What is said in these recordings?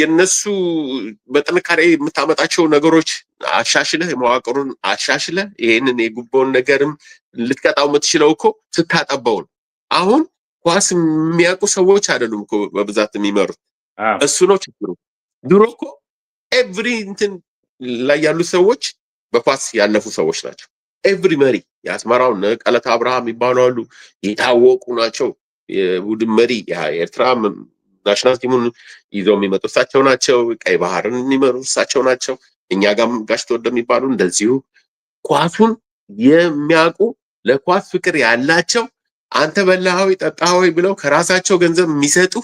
የነሱ በጥንካሬ የምታመጣቸው ነገሮች አሻሽለህ የመዋቅሩን አሻሽለህ ይህንን የጉቦውን ነገርም ልትቀጣው የምትችለው እኮ ስታጠባው ነው። አሁን ኳስ የሚያውቁ ሰዎች አይደሉም እኮ በብዛት የሚመሩት እሱ ነው ችግሩ። ድሮ እኮ ኤቭሪ እንትን ላይ ያሉ ሰዎች በኳስ ያለፉ ሰዎች ናቸው። ኤቭሪ መሪ የአስመራው ቀለት አብርሃም ይባሉ አሉ፣ የታወቁ ናቸው። የቡድን መሪ የኤርትራ ናሽናል ቲሙን ይዘው የሚመጡ እሳቸው ናቸው። ቀይ ባህርን የሚመሩ እሳቸው ናቸው። እኛ ጋር ጋሽ ተወልደ የሚባሉ እንደዚሁ ኳሱን የሚያውቁ ለኳስ ፍቅር ያላቸው አንተ በላሃዊ ጠጣሃዊ ብለው ከራሳቸው ገንዘብ የሚሰጡ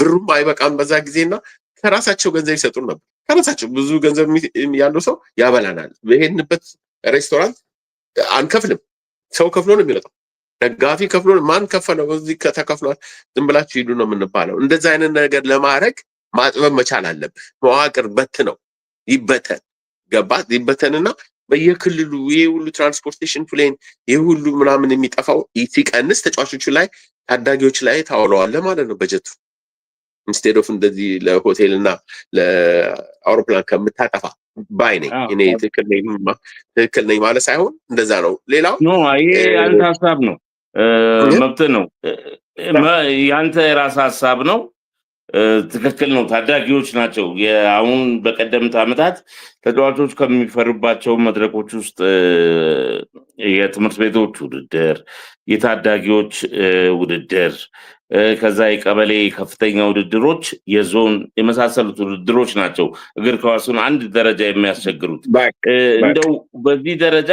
ብሩም አይበቃም በዛ ጊዜና ከራሳቸው ገንዘብ ይሰጡን ነበር። ከራሳቸው ብዙ ገንዘብ ያለው ሰው ያበላናል። በሄድንበት ሬስቶራንት አንከፍልም፣ ሰው ከፍሎ ነው የሚመጣው። ደጋፊ ከፍሎ ማን ከፈለው በዚህ ከተከፍሏል ዝም ብላችሁ ሂዱ ነው የምንባለው። እንደዚህ አይነት ነገር ለማድረግ ማጥበብ መቻል አለብህ። መዋቅር በት ነው ይበተን ገባ ይበተንና በየክልሉ ይህ ሁሉ ትራንስፖርቴሽን ፕሌን ይህ ሁሉ ምናምን የሚጠፋው ሲቀንስ ተጫዋቾቹ ላይ ታዳጊዎች ላይ ታውለዋለህ ማለት ነው በጀቱ ኢንስቴድ ኦፍ እንደዚህ ለሆቴል እና ለአውሮፕላን ከምታጠፋ ባይ ነኝ እኔ። ትክክል ነኝ ማለት ሳይሆን እንደዛ ነው። ሌላው ይሄ አንድ ሀሳብ ነው። መብት ነው። ያንተ የራስ ሀሳብ ነው። ትክክል ነው። ታዳጊዎች ናቸው። አሁን በቀደምት ዓመታት ተጫዋቾች ከሚፈሩባቸው መድረኮች ውስጥ የትምህርት ቤቶች ውድድር፣ የታዳጊዎች ውድድር፣ ከዛ የቀበሌ ከፍተኛ ውድድሮች፣ የዞን የመሳሰሉት ውድድሮች ናቸው እግር ኳሱን አንድ ደረጃ የሚያስቸግሩት። እንደው በዚህ ደረጃ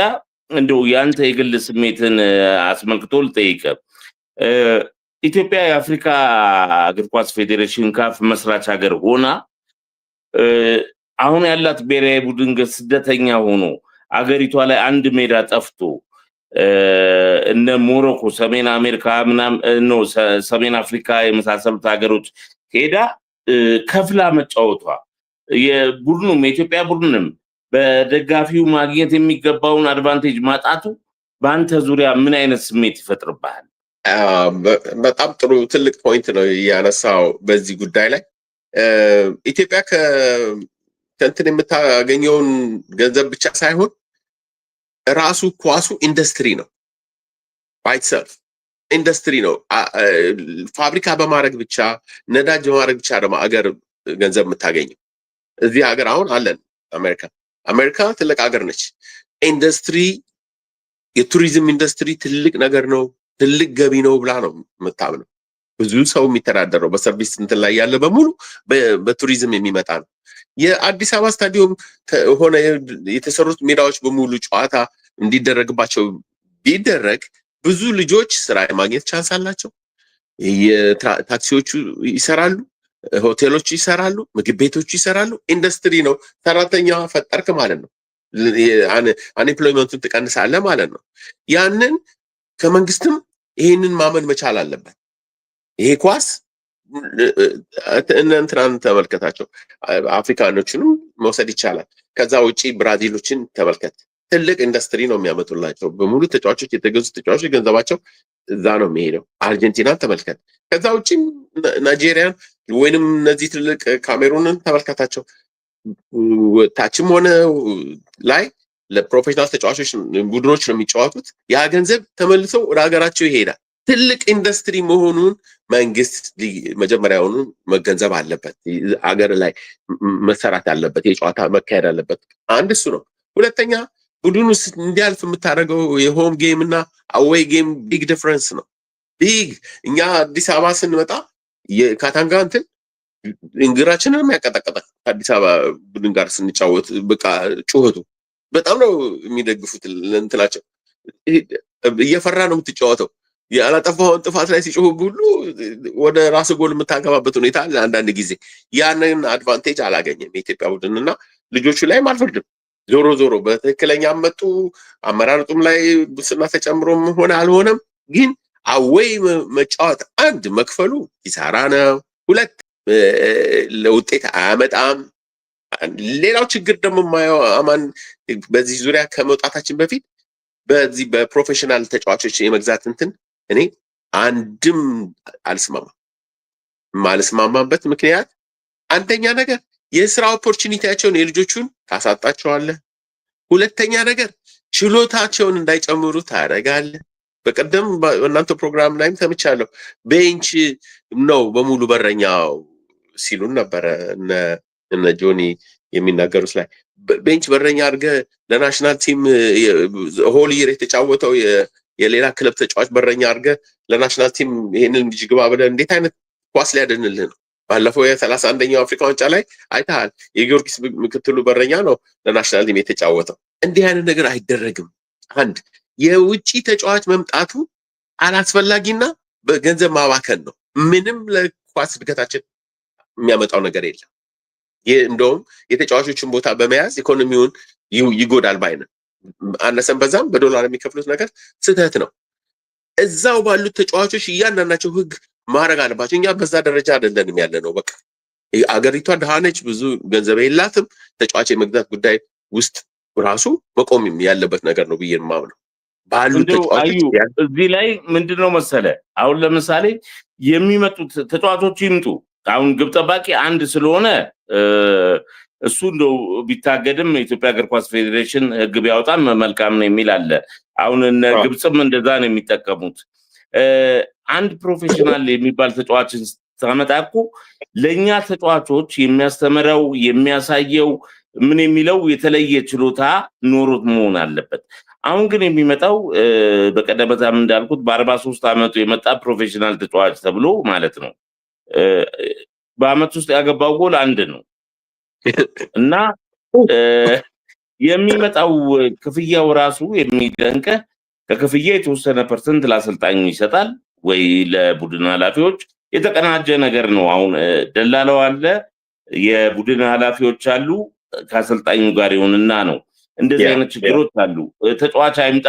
እንደው የአንተ የግል ስሜትን አስመልክቶ ልጠይቀ ኢትዮጵያ የአፍሪካ እግር ኳስ ፌዴሬሽን ካፍ መስራች ሀገር ሆና አሁን ያላት ብሔራዊ ቡድን ስደተኛ ሆኖ አገሪቷ ላይ አንድ ሜዳ ጠፍቶ እነ ሞሮኮ፣ ሰሜን አሜሪካ ምናምን ሰሜን አፍሪካ የመሳሰሉት ሀገሮች ሄዳ ከፍላ መጫወቷ የቡድኑም የኢትዮጵያ ቡድንም በደጋፊው ማግኘት የሚገባውን አድቫንቴጅ ማጣቱ በአንተ ዙሪያ ምን አይነት ስሜት ይፈጥርብሃል? በጣም ጥሩ ትልቅ ፖይንት ነው እያነሳው በዚህ ጉዳይ ላይ ኢትዮጵያ ከእንትን የምታገኘውን ገንዘብ ብቻ ሳይሆን ራሱ ኳሱ ኢንዱስትሪ ነው። ባይትሰልፍ ኢንዱስትሪ ነው። ፋብሪካ በማድረግ ብቻ ነዳጅ በማድረግ ብቻ ደግሞ አገር ገንዘብ የምታገኘው እዚህ ሀገር አሁን አለን አሜሪካ አሜሪካ ትልቅ ሀገር ነች። ኢንዱስትሪ የቱሪዝም ኢንዱስትሪ ትልቅ ነገር ነው፣ ትልቅ ገቢ ነው ብላ ነው የምታምነው። ብዙ ሰው የሚተዳደረው በሰርቪስ እንትን ላይ ያለ በሙሉ በቱሪዝም የሚመጣ ነው። የአዲስ አበባ ስታዲየም ሆነ የተሰሩት ሜዳዎች በሙሉ ጨዋታ እንዲደረግባቸው ቢደረግ ብዙ ልጆች ስራ የማግኘት ቻንስ አላቸው። የታክሲዎቹ ይሰራሉ፣ ሆቴሎች ይሰራሉ፣ ምግብ ቤቶች ይሰራሉ። ኢንዱስትሪ ነው። ሰራተኛ ፈጠርክ ማለት ነው። አንኤምፕሎይመንቱን ትቀንሳለህ ማለት ነው። ያንን ከመንግስትም ይሄንን ማመን መቻል አለበት። ይሄ ኳስ እንትናን ተመልከታቸው፣ አፍሪካኖችንም መውሰድ ይቻላል። ከዛ ውጪ ብራዚሎችን ተመልከት። ትልቅ ኢንዱስትሪ ነው የሚያመጡላቸው። በሙሉ ተጫዋቾች የተገዙ ተጫዋቾች ገንዘባቸው እዛ ነው የሚሄደው። አርጀንቲናን ተመልከት። ከዛ ውጪ ናይጄሪያን ወይንም እነዚህ ትልቅ ካሜሩንን ተመልከታቸው ታችም ሆነ ላይ ለፕሮፌሽናል ተጫዋቾች ቡድኖች ነው የሚጫወቱት። ያ ገንዘብ ተመልሶ ወደ ሀገራቸው ይሄዳል። ትልቅ ኢንዱስትሪ መሆኑን መንግስት መጀመሪያውኑ መገንዘብ አለበት። አገር ላይ መሰራት ያለበት የጨዋታ መካሄድ አለበት። አንድ እሱ ነው። ሁለተኛ ቡድኑ እንዲያልፍ የምታደርገው የሆም ጌም እና አዌይ ጌም ቢግ ዲፍረንስ ነው። ቢግ እኛ አዲስ አበባ ስንመጣ የካታንጋ እንትን እንግራችንንም ያቀጣቀጣል። ከአዲስ አበባ ቡድን ጋር ስንጫወት በቃ ጩኸቱ በጣም ነው የሚደግፉት። እንትናቸው እየፈራ ነው የምትጫወተው። ያላጠፋውን ጥፋት ላይ ሲጮሁ ሁሉ ወደ ራስ ጎል የምታገባበት ሁኔታ አለ። አንዳንድ ጊዜ ያንን አድቫንቴጅ አላገኘም የኢትዮጵያ ቡድን እና ልጆቹ ላይም አልፈርድም። ዞሮ ዞሮ በትክክለኛ መጡ አመራርጡም ላይ ሙስና ተጨምሮም ሆነ አልሆነም ግን አወይ መጫወት አንድ መክፈሉ ኪሳራ ነው። ሁለት ለውጤት አያመጣም። ሌላው ችግር ደግሞ ማየው አማን በዚህ ዙሪያ ከመውጣታችን በፊት በዚህ በፕሮፌሽናል ተጫዋቾች የመግዛት እንትን እኔ አንድም አልስማማም። የማልስማማበት ምክንያት አንደኛ ነገር የስራ ኦፖርቹኒቲያቸውን የልጆቹን ታሳጣቸዋለህ። ሁለተኛ ነገር ችሎታቸውን እንዳይጨምሩ ታደርጋለህ። በቀደም በእናንተ ፕሮግራም ላይም ተምቻለሁ። ቤንች ነው በሙሉ በረኛው ሲሉን ነበረ እነ ጆኒ የሚናገሩት ላይ ቤንች በረኛ አድርገ ለናሽናል ቲም ሆል ይር የተጫወተው የሌላ ክለብ ተጫዋች በረኛ አድርገ ለናሽናል ቲም ይህንን ልጅ ግባ ብለ እንዴት አይነት ኳስ ሊያደንልህ ነው? ባለፈው የሰላሳ አንደኛው አፍሪካ ዋንጫ ላይ አይተሃል። የጊዮርጊስ ምክትሉ በረኛ ነው ለናሽናል ቲም የተጫወተው። እንዲህ አይነት ነገር አይደረግም። አንድ የውጪ ተጫዋች መምጣቱ አላስፈላጊና በገንዘብ ማባከን ነው። ምንም ለኳስ እድገታችን የሚያመጣው ነገር የለም። ይህ እንደውም የተጫዋቾችን ቦታ በመያዝ ኢኮኖሚውን ይጎዳል ባይነ አነሰን በዛም በዶላር የሚከፍሉት ነገር ስህተት ነው። እዛው ባሉት ተጫዋቾች እያንዳንዳቸው ህግ ማድረግ አለባቸው። እኛ በዛ ደረጃ አይደለንም ያለ ነው። በቃ አገሪቷ ድሃ ነች፣ ብዙ ገንዘብ የላትም። ተጫዋች የመግዛት ጉዳይ ውስጥ ራሱ መቆም ያለበት ነገር ነው ብዬ ማምነው እዚህ ላይ ምንድን ነው መሰለ፣ አሁን ለምሳሌ የሚመጡት ተጫዋቾች ይምጡ። አሁን ግብ ጠባቂ አንድ ስለሆነ እሱ እንደው ቢታገድም የኢትዮጵያ እግር ኳስ ፌዴሬሽን ህግ ቢያወጣም መልካም ነው የሚል አለ። አሁን እነ ግብፅም እንደዛ ነው የሚጠቀሙት። አንድ ፕሮፌሽናል የሚባል ተጫዋችን ስታመጣኩ ለእኛ ተጫዋቾች የሚያስተምረው የሚያሳየው ምን የሚለው የተለየ ችሎታ ኖሮት መሆን አለበት። አሁን ግን የሚመጣው በቀደም በዛም እንዳልኩት በአርባ ሶስት አመቱ የመጣ ፕሮፌሽናል ተጫዋች ተብሎ ማለት ነው። በአመት ውስጥ ያገባው ጎል አንድ ነው እና የሚመጣው ክፍያው ራሱ የሚደንቀ ከክፍያ የተወሰነ ፐርሰንት ለአሰልጣኙ ይሰጣል ወይ ለቡድን ኃላፊዎች የተቀናጀ ነገር ነው። አሁን ደላለው አለ፣ የቡድን ኃላፊዎች አሉ፣ ከአሰልጣኙ ጋር ይሁንና ነው እንደዚህ አይነት ችግሮች አሉ። ተጫዋች አይምጣ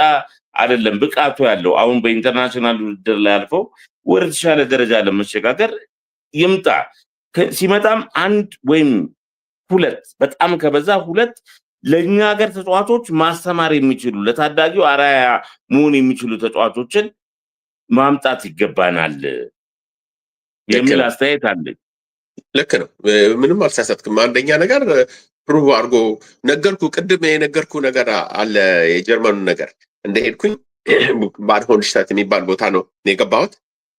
አይደለም፣ ብቃቱ ያለው አሁን በኢንተርናሽናል ውድድር ላይ አልፈው ወደ ተሻለ ደረጃ ለመሸጋገር ይምጣ። ሲመጣም አንድ ወይም ሁለት በጣም ከበዛ ሁለት ለእኛ ሀገር ተጫዋቾች ማስተማር የሚችሉ ለታዳጊው አራያ መሆን የሚችሉ ተጫዋቾችን ማምጣት ይገባናል የሚል አስተያየት አለኝ። ልክ ነው። ምንም አልሳሳትክም። አንደኛ ነገር ፕሩቭ አድርጎ ነገርኩ። ቅድም የነገርኩ ነገር አለ የጀርመኑ ነገር እንደሄድኩኝ ባድ ሆንሽታት የሚባል ቦታ ነው የገባሁት።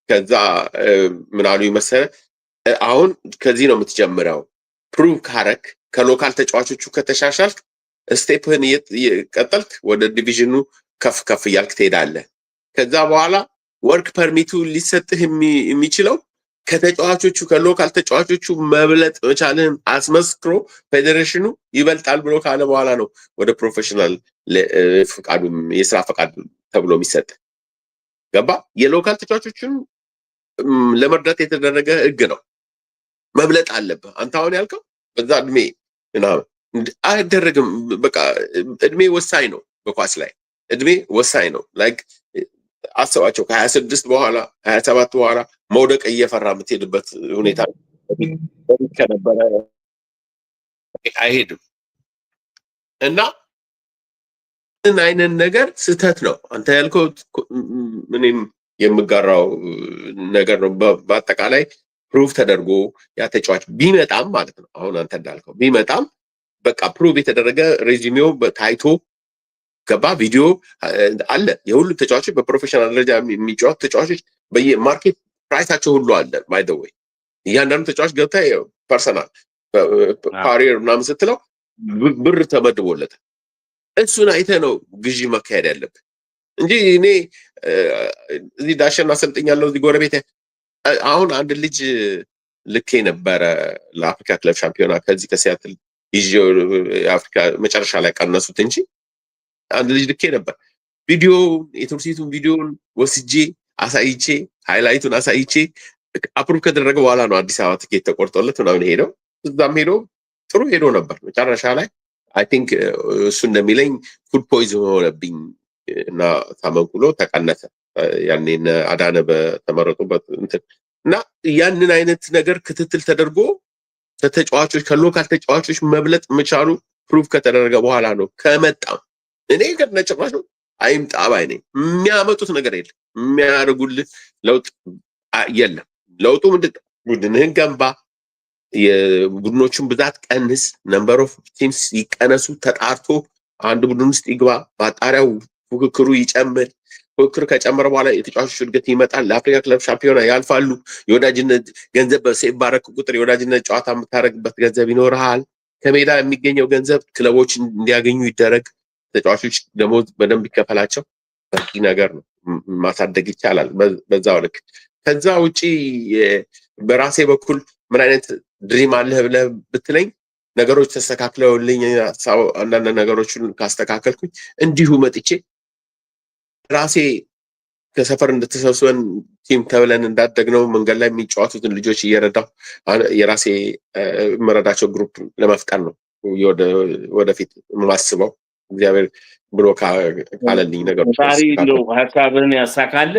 ከዛ ምናሉ መሰለ አሁን ከዚህ ነው የምትጀምረው። ፕሩቭ ካረክ ከሎካል ተጫዋቾቹ ከተሻሻልክ ስቴፕህን ቀጠልክ፣ ወደ ዲቪዥኑ ከፍ ከፍ እያልክ ትሄዳለህ። ከዛ በኋላ ወርክ ፐርሚቱ ሊሰጥህ የሚችለው ከተጫዋቾቹ ከሎካል ተጫዋቾቹ መብለጥ መቻልን አስመስክሮ ፌዴሬሽኑ ይበልጣል ብሎ ካለ በኋላ ነው ወደ ፕሮፌሽናል ፈቃዱ የስራ ፈቃድ ተብሎ የሚሰጥ ገባ። የሎካል ተጫዋቾችን ለመርዳት የተደረገ ህግ ነው። መብለጥ አለብህ አንተ አሁን ያልከው በዛ እድሜ ምናምን አይደረግም። በቃ እድሜ ወሳኝ ነው። በኳስ ላይ እድሜ ወሳኝ ነው። ላይክ አስባቸው ከሀያ ስድስት በኋላ ሀያ ሰባት በኋላ መውደቅ እየፈራ የምትሄድበት ሁኔታ ከነበረ አይሄድም እና ምን አይነት ነገር ስህተት ነው አንተ ያልከው እኔም የምጋራው ነገር ነው። በአጠቃላይ ፕሩቭ ተደርጎ ያ ተጫዋች ቢመጣም ማለት ነው አሁን አንተ እንዳልከው ቢመጣም በቃ ፕሩቭ የተደረገ ሬዚሜው ታይቶ ገባ ቪዲዮ አለ። የሁሉም ተጫዋቾች በፕሮፌሽናል ደረጃ የሚጫወቱ ተጫዋቾች በየማርኬት ፕራይሳቸው ሁሉ አለ። ባይ ዘ ወይ እያንዳንዱ ተጫዋች ገብታ ፐርሰናል ፓሪየር ምናምን ስትለው ብር ተመድቦለታል። እሱን አይተ ነው ግዢ መካሄድ ያለብን እንጂ እኔ እዚህ ዳሸን አሰልጥኛለሁ እዚህ ጎረቤት አሁን አንድ ልጅ ልኬ ነበረ ለአፍሪካ ክለብ ሻምፒዮና ከዚህ ከሲያትል ይዤ የአፍሪካ መጨረሻ ላይ ቀነሱት እንጂ አንድ ልጅ ልኬ ነበር ቪዲዮውን የትምህርት ቪዲዮውን ወስጄ አሳይቼ ሃይላይቱን አሳይቼ አፕሩቭ ከደረገ በኋላ ነው አዲስ አበባ ትኬት ተቆርጦለት ምናምን ሄደው እዛም ሄዶ ጥሩ ሄዶ ነበር። መጨረሻ ላይ አይ ቲንክ uh, እሱ እንደሚለኝ ፉድ ፖይዝን ሆነብኝ እና ታመንኩሎ ተቀነሰ። ያኔ አዳነ በተመረጡበት እንትን እና ያንን አይነት ነገር ክትትል ተደርጎ ከተጫዋቾች ከሎካል ተጫዋቾች መብለጥ መቻሉ ፕሩቭ ከተደረገ በኋላ ነው ከመጣም እኔ ገር ነው አይምጣ ባይ ነኝ። የሚያመጡት ነገር የለም። የሚያደርጉልህ ለውጥ የለም። ለውጡ ምንድን ቡድንህን ገንባ፣ የቡድኖችን ብዛት ቀንስ፣ ነምበር ኦፍ ቲምስ ይቀነሱ፣ ተጣርቶ አንድ ቡድን ውስጥ ይግባ፣ ማጣሪያው ፉክክሩ ይጨምር። ፉክክር ከጨመረ በኋላ የተጫዋቾች እድገት ይመጣል። ለአፍሪካ ክለብ ሻምፒዮና ያልፋሉ። የወዳጅነት ገንዘብ በሴፍ ባረክ ቁጥር የወዳጅነት ጨዋታ የምታደርግበት ገንዘብ ይኖርሃል። ከሜዳ የሚገኘው ገንዘብ ክለቦች እንዲያገኙ ይደረግ። ተጫዋቾች ደሞዝ በደንብ ይከፈላቸው በቂ ነገር ነው። ማሳደግ ይቻላል በዛው ልክ። ከዛ ውጪ በራሴ በኩል ምን አይነት ድሪም አለህ ብለህ ብትለኝ ነገሮች ተስተካክለውልኝ አንዳንድ ነገሮችን ካስተካከልኩኝ እንዲሁ መጥቼ ራሴ ከሰፈር እንደተሰብስበን ቲም ተብለን እንዳደግነው መንገድ ላይ የሚጫወቱትን ልጆች እየረዳሁ የራሴ መረዳቸው ግሩፕ ለመፍጠር ነው ወደፊት የማስበው። እግዚአብሔር ብሎ ካለልኝ ነገሮች ሀሳብህን ያሳካል።